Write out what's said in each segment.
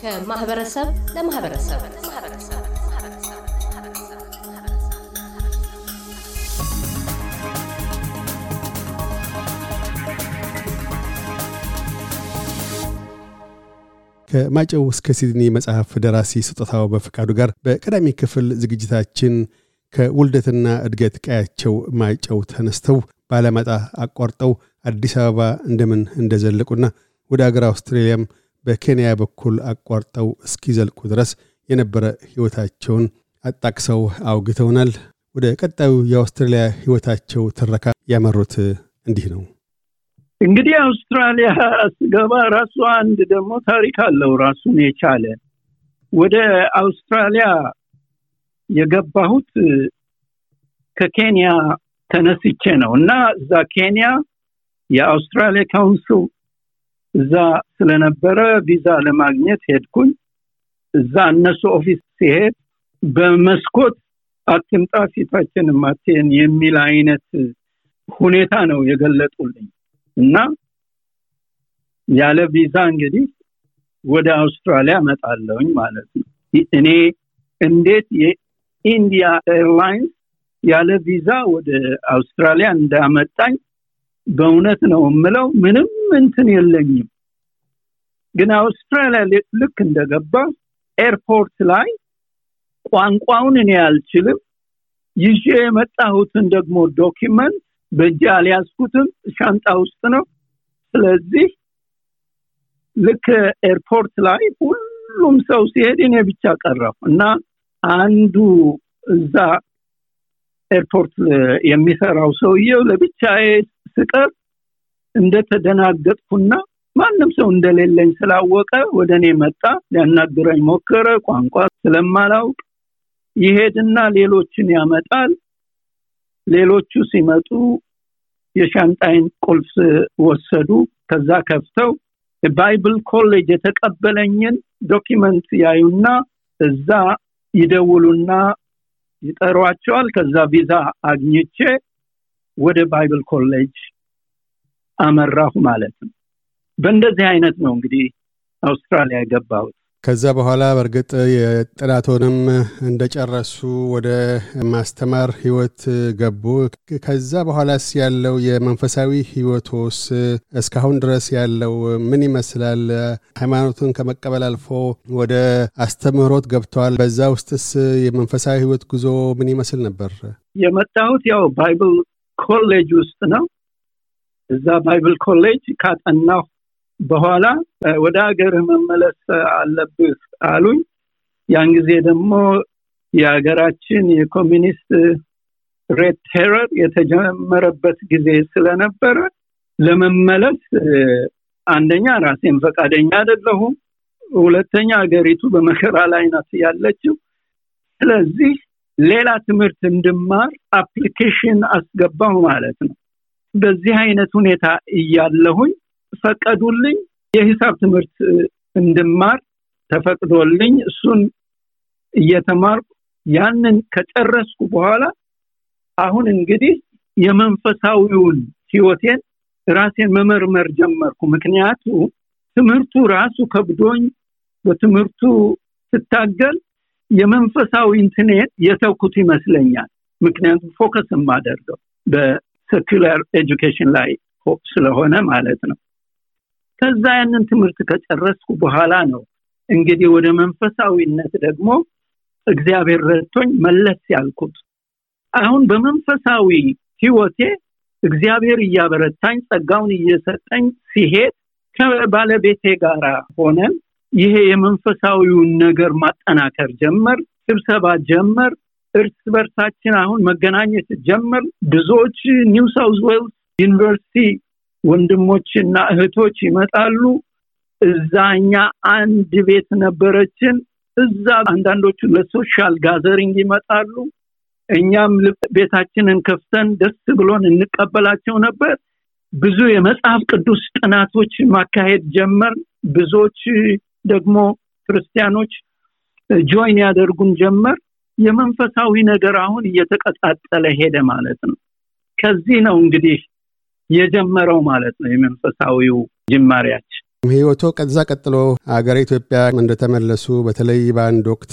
ከማህበረሰብ ለማህበረሰብ ከማጨው እስከ ሲድኒ መጽሐፍ ደራሲ ስጦታው በፈቃዱ ጋር በቀዳሚ ክፍል ዝግጅታችን ከውልደትና እድገት ቀያቸው ማይጨው ተነስተው ባለመጣ አቋርጠው አዲስ አበባ እንደምን እንደዘለቁና ወደ አገር አውስትሬልያም በኬንያ በኩል አቋርጠው እስኪዘልቁ ድረስ የነበረ ሕይወታቸውን አጣቅሰው አውግተውናል። ወደ ቀጣዩ የአውስትራሊያ ሕይወታቸው ትረካ ያመሩት እንዲህ ነው። እንግዲህ አውስትራሊያ ስገባ ራሱ አንድ ደግሞ ታሪክ አለው ራሱን የቻለ ወደ አውስትራሊያ የገባሁት ከኬንያ ተነስቼ ነው እና እዛ ኬንያ የአውስትራሊያ ካውንስል እዛ ስለነበረ ቪዛ ለማግኘት ሄድኩኝ። እዛ እነሱ ኦፊስ ሲሄድ በመስኮት አትምጣ ፊታችን ማቴን የሚል አይነት ሁኔታ ነው የገለጡልኝ እና ያለ ቪዛ እንግዲህ ወደ አውስትራሊያ መጣለውኝ ማለት ነው። እኔ እንዴት ኢንዲያ ኤርላይንስ ያለ ቪዛ ወደ አውስትራሊያ እንዳመጣኝ በእውነት ነው የምለው ምንም እንትን የለኝም ግን አውስትራሊያ ልክ እንደገባ ኤርፖርት ላይ ቋንቋውን እኔ አልችልም ይዤ የመጣሁትን ደግሞ ዶኪመንት በእጅ አልያዝኩትም ሻንጣ ውስጥ ነው ስለዚህ ልክ ኤርፖርት ላይ ሁሉም ሰው ሲሄድ እኔ ብቻ ቀረሁ እና አንዱ እዛ ኤርፖርት የሚሰራው ሰውየው ለብቻዬ ስቀር እንደተደናገጥኩና ማንም ሰው እንደሌለኝ ስላወቀ ወደ እኔ መጣ። ሊያናግረኝ ሞከረ። ቋንቋ ስለማላውቅ ይሄድና ሌሎችን ያመጣል። ሌሎቹ ሲመጡ የሻንጣይን ቁልፍ ወሰዱ። ከዛ ከፍተው ባይብል ኮሌጅ የተቀበለኝን ዶኪመንት ያዩና እዛ ይደውሉና ይጠሯቸዋል። ከዛ ቪዛ አግኝቼ ወደ ባይብል ኮሌጅ አመራሁ ማለት ነው። በእንደዚህ አይነት ነው እንግዲህ አውስትራሊያ የገባሁት። ከዛ በኋላ በእርግጥ የጥናቶንም እንደጨረሱ ወደ ማስተማር ህይወት ገቡ። ከዛ በኋላስ ያለው የመንፈሳዊ ህይወቶስ እስካሁን ድረስ ያለው ምን ይመስላል? ሃይማኖትን ከመቀበል አልፎ ወደ አስተምህሮት ገብተዋል። በዛ ውስጥስ የመንፈሳዊ ህይወት ጉዞ ምን ይመስል ነበር? የመጣሁት ያው ባይብል ኮሌጅ ውስጥ ነው። እዛ ባይብል ኮሌጅ ካጠናሁ በኋላ ወደ ሀገርህ መመለስ አለብህ አሉኝ። ያን ጊዜ ደግሞ የሀገራችን የኮሚኒስት ሬድ ቴረር የተጀመረበት ጊዜ ስለነበረ ለመመለስ አንደኛ ራሴን ፈቃደኛ አይደለሁም፣ ሁለተኛ ሀገሪቱ በመከራ ላይ ናት ያለችው። ስለዚህ ሌላ ትምህርት እንድማር አፕሊኬሽን አስገባሁ ማለት ነው። በዚህ አይነት ሁኔታ እያለሁኝ ፈቀዱልኝ። የሂሳብ ትምህርት እንድማር ተፈቅዶልኝ እሱን እየተማርኩ ያንን ከጨረስኩ በኋላ አሁን እንግዲህ የመንፈሳዊውን ህይወቴን ራሴን መመርመር ጀመርኩ። ምክንያቱ ትምህርቱ ራሱ ከብዶኝ በትምህርቱ ስታገል የመንፈሳዊ እንትኔን የተኩት ይመስለኛል። ምክንያቱም ፎከስ የማደርገው በሰኪላር ኤጁኬሽን ላይ ስለሆነ ማለት ነው። ከዛ ያንን ትምህርት ከጨረስኩ በኋላ ነው እንግዲህ ወደ መንፈሳዊነት ደግሞ እግዚአብሔር ረድቶኝ መለስ ያልኩት። አሁን በመንፈሳዊ ህይወቴ እግዚአብሔር እያበረታኝ ጸጋውን እየሰጠኝ ሲሄድ ከባለቤቴ ጋር ሆነን ይሄ የመንፈሳዊውን ነገር ማጠናከር ጀመር፣ ስብሰባ ጀመር፣ እርስ በርሳችን አሁን መገናኘት ጀመር። ብዙዎች ኒው ሳውዝ ዌልስ ዩኒቨርሲቲ ወንድሞችና እህቶች ይመጣሉ። እዛኛ አንድ ቤት ነበረችን። እዛ አንዳንዶቹ ለሶሻል ጋዘሪንግ ይመጣሉ። እኛም ቤታችንን ከፍተን ደስ ብሎን እንቀበላቸው ነበር። ብዙ የመጽሐፍ ቅዱስ ጥናቶች ማካሄድ ጀመር። ብዙዎች ደግሞ ክርስቲያኖች ጆይን ያደርጉን ጀመር። የመንፈሳዊ ነገር አሁን እየተቀጣጠለ ሄደ ማለት ነው። ከዚህ ነው እንግዲህ የጀመረው ማለት ነው የመንፈሳዊው ጅማሬያችን። ህይወቶ ቀዛ ቀጥሎ አገር ኢትዮጵያ እንደተመለሱ በተለይ በአንድ ወቅት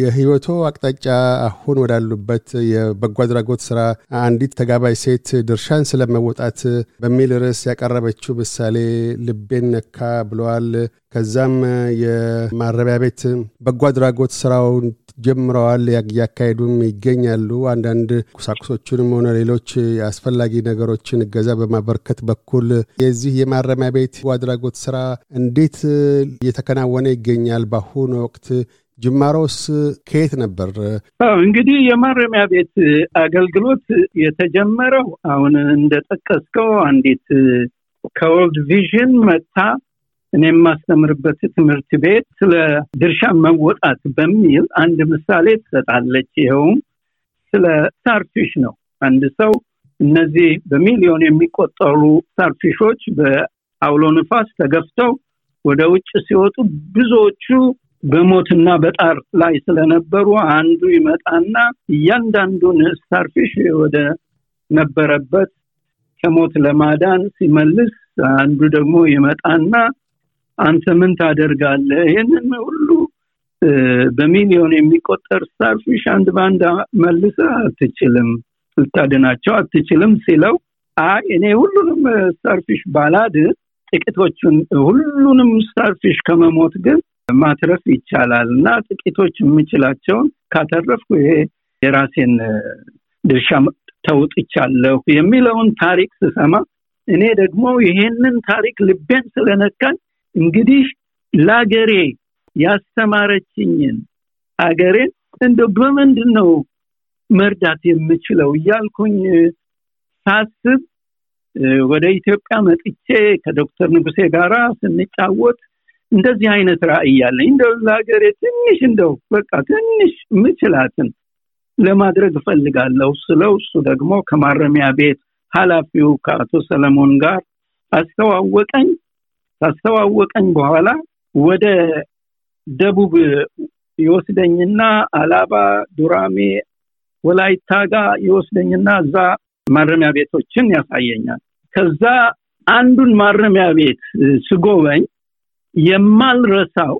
የህይወቶ አቅጣጫ አሁን ወዳሉበት የበጎ አድራጎት ስራ አንዲት ተጋባዥ ሴት ድርሻን ስለመወጣት በሚል ርዕስ ያቀረበችው ምሳሌ ልቤን ነካ ብለዋል። ከዛም የማረቢያ ቤት በጎ አድራጎት ስራውን ጀምረዋል፣ እያካሄዱም ይገኛሉ። አንዳንድ ቁሳቁሶችንም ሆነ ሌሎች አስፈላጊ ነገሮችን እገዛ በማበርከት በኩል የዚህ የማረሚያ ቤት አድራጎት ስራ እንዴት እየተከናወነ ይገኛል? በአሁኑ ወቅት ጅማሮስ ከየት ነበር? እንግዲህ የማረሚያ ቤት አገልግሎት የተጀመረው አሁን እንደጠቀስከው አንዲት ከወልድ ቪዥን መታ እኔ የማስተምርበት ትምህርት ቤት ስለ ድርሻ መወጣት በሚል አንድ ምሳሌ ትሰጣለች። ይኸውም ስለ ሳርፊሽ ነው። አንድ ሰው እነዚህ በሚሊዮን የሚቆጠሩ ሳርፊሾች በአውሎ ንፋስ ተገፍተው ወደ ውጭ ሲወጡ ብዙዎቹ በሞትና በጣር ላይ ስለነበሩ አንዱ ይመጣና እያንዳንዱን ሳርፊሽ ወደ ነበረበት ከሞት ለማዳን ሲመልስ አንዱ ደግሞ ይመጣና አንተ ምን ታደርጋለህ? ይህንን ሁሉ በሚሊዮን የሚቆጠር ስታርፊሽ አንድ ባንድ መልሰ አትችልም፣ ልታድናቸው አትችልም ሲለው አይ እኔ ሁሉንም ስታርፊሽ ባላድ ጥቂቶቹን ሁሉንም ስታርፊሽ ከመሞት ግን ማትረፍ ይቻላል እና ጥቂቶች የምችላቸውን ካተረፍኩ ይሄ የራሴን ድርሻ ተውጥቻለሁ የሚለውን ታሪክ ስሰማ እኔ ደግሞ ይሄንን ታሪክ ልቤን ስለነካኝ እንግዲህ ላገሬ ያስተማረችኝን አገሬን እንደ በምንድን ነው መርዳት የምችለው እያልኩኝ ሳስብ ወደ ኢትዮጵያ መጥቼ ከዶክተር ንጉሴ ጋራ ስንጫወት እንደዚህ አይነት ራዕይ ያለኝ እንደ ለሀገሬ ትንሽ እንደው በቃ ትንሽ ምችላትን ለማድረግ እፈልጋለሁ ስለው እሱ ደግሞ ከማረሚያ ቤት ኃላፊው ከአቶ ሰለሞን ጋር አስተዋወቀኝ። ካስተዋወቀኝ በኋላ ወደ ደቡብ ይወስደኝና አላባ፣ ዱራሜ፣ ወላይታ ጋር ይወስደኝና እዛ ማረሚያ ቤቶችን ያሳየኛል። ከዛ አንዱን ማረሚያ ቤት ስጎበኝ የማልረሳው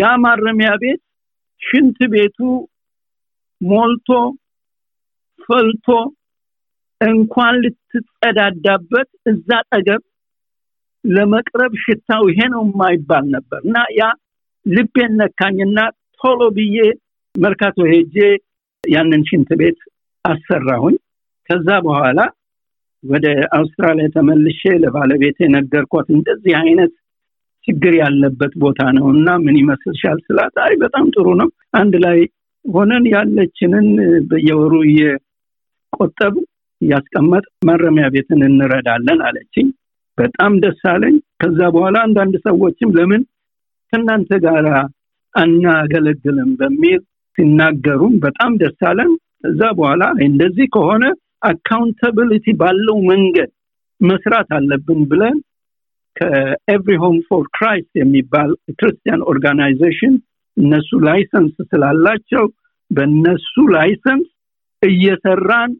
ያ ማረሚያ ቤት ሽንት ቤቱ ሞልቶ ፈልቶ እንኳን ልትጸዳዳበት እዛ ጠገብ ለመቅረብ ሽታው ይሄ ነው የማይባል ነበር እና ያ ልቤን ነካኝና ቶሎ ብዬ መርካቶ ሄጄ ያንን ሽንት ቤት አሰራሁኝ። ከዛ በኋላ ወደ አውስትራሊያ ተመልሼ ለባለቤቴ የነገርኳት እንደዚህ አይነት ችግር ያለበት ቦታ ነው እና ምን ይመስልሻል ስላት፣ አይ በጣም ጥሩ ነው፣ አንድ ላይ ሆነን ያለችንን በየወሩ እየቆጠብ እያስቀመጥ ማረሚያ ቤትን እንረዳለን አለችኝ። በጣም ደስ አለኝ። ከዛ በኋላ አንዳንድ ሰዎችም ለምን ከእናንተ ጋር አናገለግልም በሚል ሲናገሩም በጣም ደስ አለን። ከዛ በኋላ እንደዚህ ከሆነ አካውንታብሊቲ ባለው መንገድ መስራት አለብን ብለን ከኤቭሪ ሆም ፎር ክራይስት የሚባል ክርስቲያን ኦርጋናይዜሽን እነሱ ላይሰንስ ስላላቸው በእነሱ ላይሰንስ እየሰራን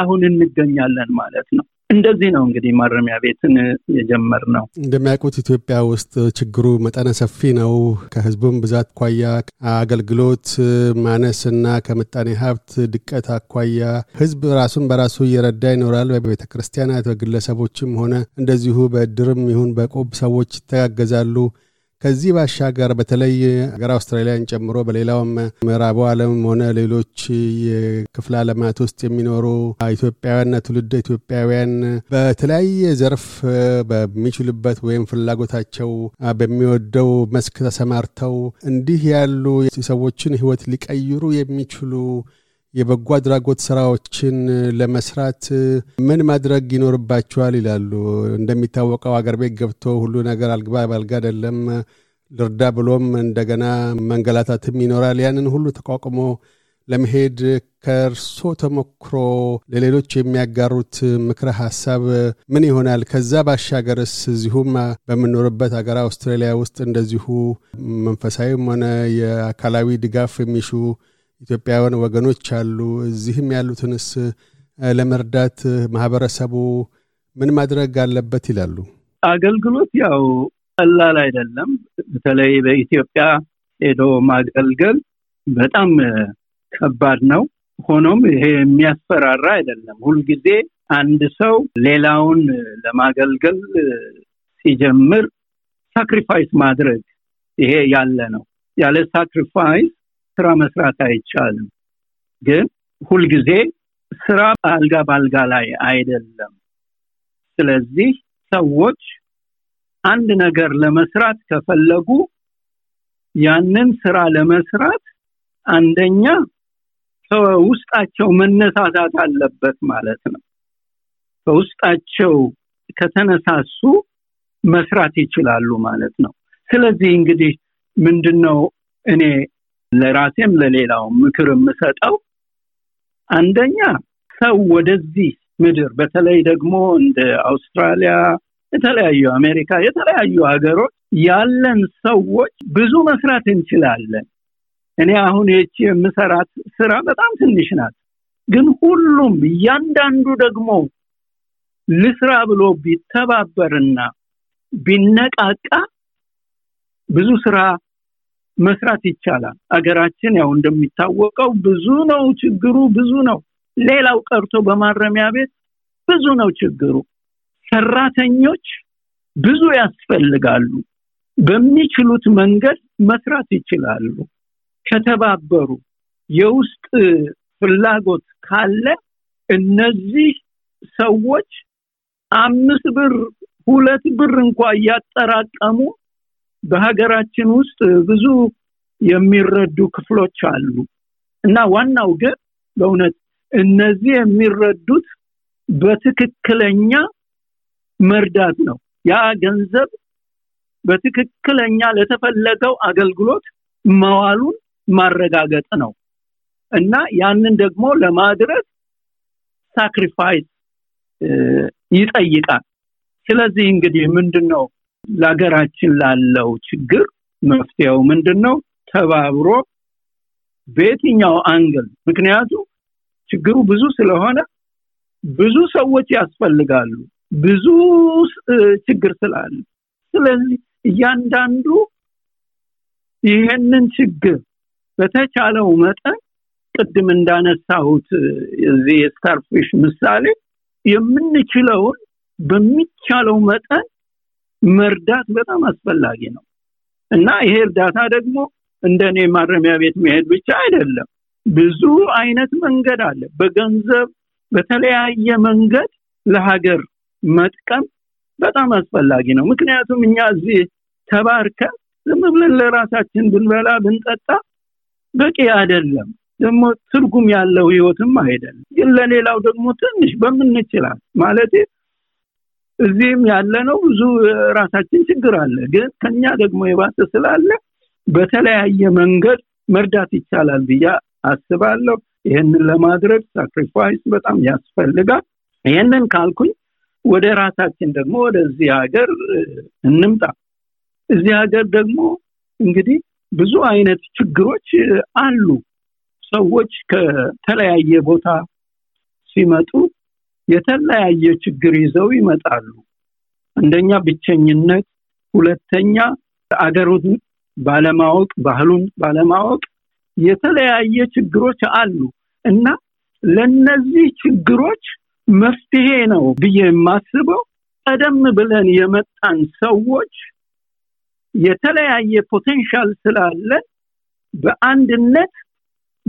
አሁን እንገኛለን ማለት ነው። እንደዚህ ነው እንግዲህ ማረሚያ ቤትን የጀመር ነው። እንደሚያውቁት ኢትዮጵያ ውስጥ ችግሩ መጠነ ሰፊ ነው። ከህዝቡም ብዛት አኳያ፣ አገልግሎት ማነስ እና ከምጣኔ ሀብት ድቀት አኳያ ህዝብ ራሱን በራሱ እየረዳ ይኖራል። በቤተ ክርስቲያናት፣ በግለሰቦችም ሆነ እንደዚሁ በድርም ይሁን በቆብ ሰዎች ይተጋገዛሉ። ከዚህ ባሻገር በተለይ ሀገር አውስትራሊያን ጨምሮ በሌላውም ምዕራቡ ዓለም ሆነ ሌሎች የክፍለ ዓለማት ውስጥ የሚኖሩ ኢትዮጵያውያንና ትውልድ ኢትዮጵያውያን በተለያየ ዘርፍ በሚችሉበት ወይም ፍላጎታቸው በሚወደው መስክ ተሰማርተው እንዲህ ያሉ የሰዎችን ሕይወት ሊቀይሩ የሚችሉ የበጎ አድራጎት ስራዎችን ለመስራት ምን ማድረግ ይኖርባቸዋል ይላሉ? እንደሚታወቀው አገር ቤት ገብቶ ሁሉ ነገር አልግባ ባልጋ አይደለም። ልርዳ ብሎም እንደገና መንገላታትም ይኖራል። ያንን ሁሉ ተቋቁሞ ለመሄድ ከእርሶ ተሞክሮ ለሌሎች የሚያጋሩት ምክረ ሀሳብ ምን ይሆናል? ከዛ ባሻገርስ እዚሁም በምኖርበት ሀገር አውስትራሊያ ውስጥ እንደዚሁ መንፈሳዊም ሆነ የአካላዊ ድጋፍ የሚሹ ኢትዮጵያውያን ወገኖች አሉ። እዚህም ያሉትንስ ለመርዳት ማህበረሰቡ ምን ማድረግ አለበት ይላሉ? አገልግሎት ያው ቀላል አይደለም። በተለይ በኢትዮጵያ ሄዶ ማገልገል በጣም ከባድ ነው። ሆኖም ይሄ የሚያስፈራራ አይደለም። ሁልጊዜ አንድ ሰው ሌላውን ለማገልገል ሲጀምር ሳክሪፋይስ ማድረግ ይሄ ያለ ነው። ያለ ሳክሪፋይስ ስራ መስራት አይቻልም። ግን ሁልጊዜ ስራ አልጋ በአልጋ ላይ አይደለም። ስለዚህ ሰዎች አንድ ነገር ለመስራት ከፈለጉ ያንን ስራ ለመስራት አንደኛ ከውስጣቸው መነሳሳት አለበት ማለት ነው። ከውስጣቸው ከተነሳሱ መስራት ይችላሉ ማለት ነው። ስለዚህ እንግዲህ ምንድነው እኔ ለራሴም ለሌላው ምክር የምሰጠው አንደኛ ሰው ወደዚህ ምድር በተለይ ደግሞ እንደ አውስትራሊያ የተለያዩ አሜሪካ የተለያዩ ሀገሮች ያለን ሰዎች ብዙ መስራት እንችላለን። እኔ አሁን ይቺ የምሰራት ስራ በጣም ትንሽ ናት፣ ግን ሁሉም እያንዳንዱ ደግሞ ልስራ ብሎ ቢተባበርና ቢነቃቃ ብዙ ስራ መስራት ይቻላል። አገራችን ያው እንደሚታወቀው ብዙ ነው ችግሩ፣ ብዙ ነው። ሌላው ቀርቶ በማረሚያ ቤት ብዙ ነው ችግሩ። ሰራተኞች ብዙ ያስፈልጋሉ። በሚችሉት መንገድ መስራት ይችላሉ። ከተባበሩ፣ የውስጥ ፍላጎት ካለ እነዚህ ሰዎች አምስት ብር ሁለት ብር እንኳ እያጠራቀሙ በሀገራችን ውስጥ ብዙ የሚረዱ ክፍሎች አሉ እና ዋናው ግን በእውነት እነዚህ የሚረዱት በትክክለኛ መርዳት ነው። ያ ገንዘብ በትክክለኛ ለተፈለገው አገልግሎት መዋሉን ማረጋገጥ ነው እና ያንን ደግሞ ለማድረግ ሳክሪፋይስ ይጠይቃል። ስለዚህ እንግዲህ ምንድን ነው ለሀገራችን ላለው ችግር መፍትሄው ምንድን ነው? ተባብሮ በየትኛው አንግል ምክንያቱም ችግሩ ብዙ ስለሆነ ብዙ ሰዎች ያስፈልጋሉ፣ ብዙ ችግር ስላለ። ስለዚህ እያንዳንዱ ይህንን ችግር በተቻለው መጠን ቅድም እንዳነሳሁት እዚህ የስታርፊሽ ምሳሌ የምንችለውን በሚቻለው መጠን መርዳት በጣም አስፈላጊ ነው እና ይሄ እርዳታ ደግሞ እንደ እኔ ማረሚያ ቤት መሄድ ብቻ አይደለም። ብዙ አይነት መንገድ አለ። በገንዘብ በተለያየ መንገድ ለሀገር መጥቀም በጣም አስፈላጊ ነው። ምክንያቱም እኛ እዚህ ተባርከ ዝም ብለን ለራሳችን ብንበላ ብንጠጣ በቂ አይደለም። ደግሞ ትርጉም ያለው ህይወትም አይደለም። ግን ለሌላው ደግሞ ትንሽ በምንችላት ማለት እዚህም ያለ ነው ብዙ ራሳችን ችግር አለ። ግን ከኛ ደግሞ የባሰ ስላለ በተለያየ መንገድ መርዳት ይቻላል ብዬ አስባለሁ። ይህንን ለማድረግ ሳክሪፋይስ በጣም ያስፈልጋል። ይህንን ካልኩኝ ወደ ራሳችን ደግሞ ወደዚህ ሀገር እንምጣ። እዚህ ሀገር ደግሞ እንግዲህ ብዙ አይነት ችግሮች አሉ። ሰዎች ከተለያየ ቦታ ሲመጡ የተለያየ ችግር ይዘው ይመጣሉ። አንደኛ ብቸኝነት፣ ሁለተኛ አገሩን ባለማወቅ፣ ባህሉን ባለማወቅ የተለያየ ችግሮች አሉ እና ለነዚህ ችግሮች መፍትሄ ነው ብዬ የማስበው ቀደም ብለን የመጣን ሰዎች የተለያየ ፖቴንሻል ስላለ በአንድነት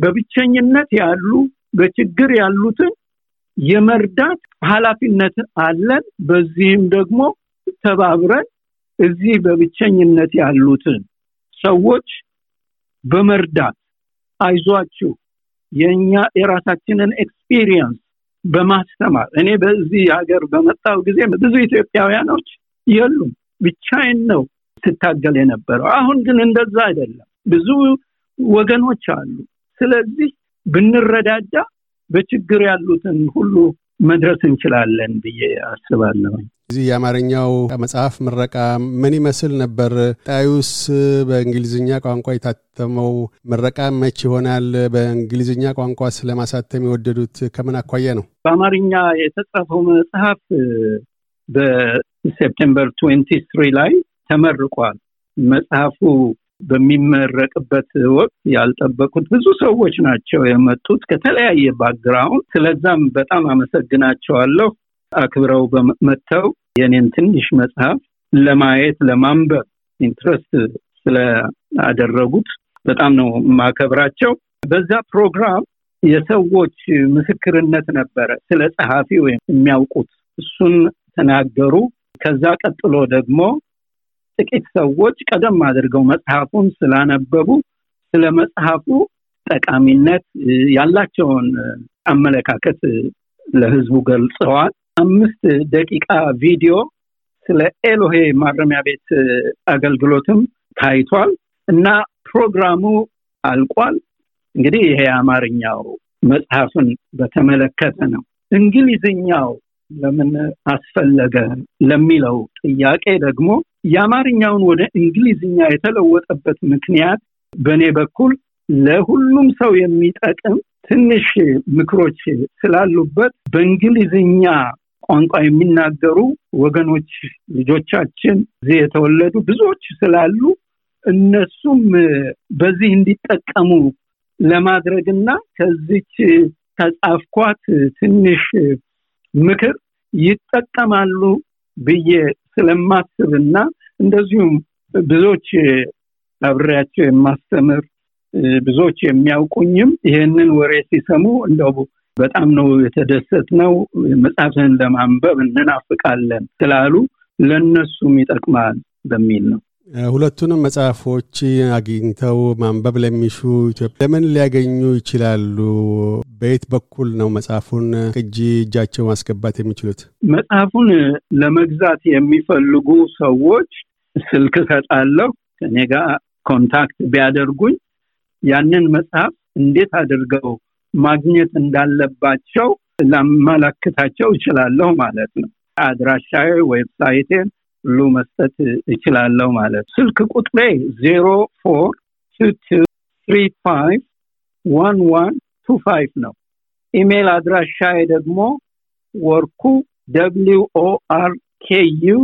በብቸኝነት ያሉ በችግር ያሉትን የመርዳት ኃላፊነት አለን። በዚህም ደግሞ ተባብረን እዚህ በብቸኝነት ያሉትን ሰዎች በመርዳት አይዟችሁ የእኛ የራሳችንን ኤክስፒሪየንስ በማስተማር እኔ በዚህ ሀገር በመጣው ጊዜ ብዙ ኢትዮጵያውያኖች የሉም፣ ብቻይን ነው ስታገል የነበረው። አሁን ግን እንደዛ አይደለም፣ ብዙ ወገኖች አሉ። ስለዚህ ብንረዳዳ በችግር ያሉትን ሁሉ መድረስ እንችላለን ብዬ አስባለሁ። እዚህ የአማርኛው መጽሐፍ ምረቃ ምን ይመስል ነበር? ጣዩስ በእንግሊዝኛ ቋንቋ የታተመው ምረቃ መች ይሆናል? በእንግሊዝኛ ቋንቋ ስለማሳተም የወደዱት ከምን አኳያ ነው? በአማርኛ የተጻፈው መጽሐፍ በሴፕቴምበር ትዌንቲ ላይ ተመርቋል። መጽሐፉ በሚመረቅበት ወቅት ያልጠበቁት ብዙ ሰዎች ናቸው የመጡት ከተለያየ ባክግራውንድ። ስለዛም በጣም አመሰግናቸዋለሁ። አክብረው በመጥተው የኔን ትንሽ መጽሐፍ ለማየት ለማንበብ ኢንትረስት ስለአደረጉት በጣም ነው ማከብራቸው በዛ ፕሮግራም የሰዎች ምስክርነት ነበረ። ስለ ጸሐፊ ወይም የሚያውቁት እሱን ተናገሩ። ከዛ ቀጥሎ ደግሞ ጥቂት ሰዎች ቀደም አድርገው መጽሐፉን ስላነበቡ ስለ መጽሐፉ ጠቃሚነት ያላቸውን አመለካከት ለህዝቡ ገልጸዋል። አምስት ደቂቃ ቪዲዮ ስለ ኤሎሄ ማረሚያ ቤት አገልግሎትም ታይቷል እና ፕሮግራሙ አልቋል። እንግዲህ ይሄ አማርኛው መጽሐፍን በተመለከተ ነው። እንግሊዝኛው ለምን አስፈለገ ለሚለው ጥያቄ ደግሞ የአማርኛውን ወደ እንግሊዝኛ የተለወጠበት ምክንያት በእኔ በኩል ለሁሉም ሰው የሚጠቅም ትንሽ ምክሮች ስላሉበት በእንግሊዝኛ ቋንቋ የሚናገሩ ወገኖች ልጆቻችን እዚህ የተወለዱ ብዙዎች ስላሉ እነሱም በዚህ እንዲጠቀሙ ለማድረግና ከዚች ተጻፍኳት ትንሽ ምክር ይጠቀማሉ ብዬ ስለማስብና እንደዚሁም ብዙዎች አብሬያቸው የማስተምር ብዙዎች የሚያውቁኝም ይህንን ወሬ ሲሰሙ እንደው በጣም ነው የተደሰት ነው መጽሐፍህን ለማንበብ እንናፍቃለን ስላሉ ለእነሱም ይጠቅማል በሚል ነው። ሁለቱንም መጽሐፎች አግኝተው ማንበብ ለሚሹ ኢትዮጵያ ለምን ሊያገኙ ይችላሉ? በየት በኩል ነው መጽሐፉን ቅጂ እጃቸው ማስገባት የሚችሉት? መጽሐፉን ለመግዛት የሚፈልጉ ሰዎች ስልክ እሰጣለሁ። ከኔ ጋር ኮንታክት ቢያደርጉኝ ያንን መጽሐፍ እንዴት አድርገው ማግኘት እንዳለባቸው ላመላክታቸው እችላለሁ ማለት ነው። አድራሻዬ፣ ዌብሳይቴን ሁሉ መስጠት እችላለሁ ማለት ስልክ ቁጥሬ ዜሮ ፎር ቱ ቱ ትሪ ፋይቭ ዋን ዋን ቱ ፋይቭ ነው። ኢሜይል አድራሻዬ ደግሞ ወርኩ ደብሊው ኦ አር ኬ ዩ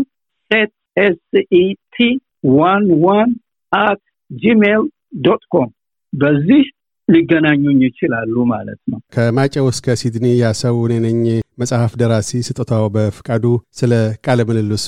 ሴት ኤስኢቲ ዋን ዋን አት ጂሜይል ዶት ኮም በዚህ ሊገናኙኝ ይችላሉ ማለት ነው። ከማጨው እስከ ሲድኒ ያሰው ነኝ። መጽሐፍ ደራሲ ስጦታው በፍቃዱ፣ ስለ ቃለ ምልልሱ